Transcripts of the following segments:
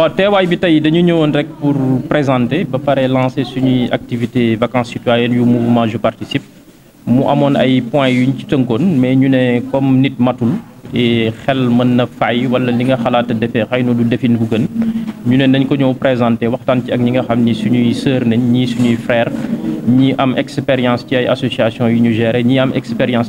Nous bi pour présenter ba lancer suñuy activité vacances citoyennes yu mouvement je participe mu amoon ay points mais nous comme nit matul et xel mën na fay wala li nga xalaata du bu présenter ci ak ni suñuy sœur am expérience ci association am expérience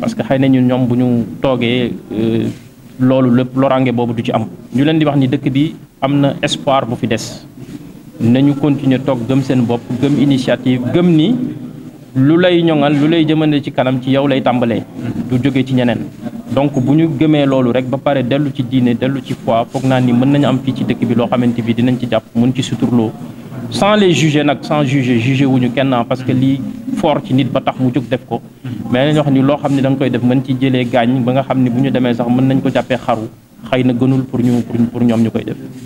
parce que xëy na ñun ñoom bu ñu toogee euh, loolu lépp lorange boobu du ci am ñu leen di wax ni dëkk bi am na espoir bu fi des nañu continuer toog gëm seen bopp gëm initiative gëm ni lu lay ñoŋal lu lay jëmale ci kanam ci yow lay tàmbalee du jóge ci ñeneen donc bu ñu gëmee loolu rek ba pare dellu ci diine dellu ci foi foog naa ni mën nañu am fii ci dëkk bi loo xamante bi dinañ ci jàpp mun ci suturloo sans les juger nag sans juger juger wuñu kenn que lii fort ci nit ba tax mu jóg def ko mais nañ xam ni loo xam ne da koy def mën ci jële gaañ ba nga xam ne bu ñu demee sax mën nañ ko jàppee xaru xëy na gënul pour ñu pour ñoom ñu koy def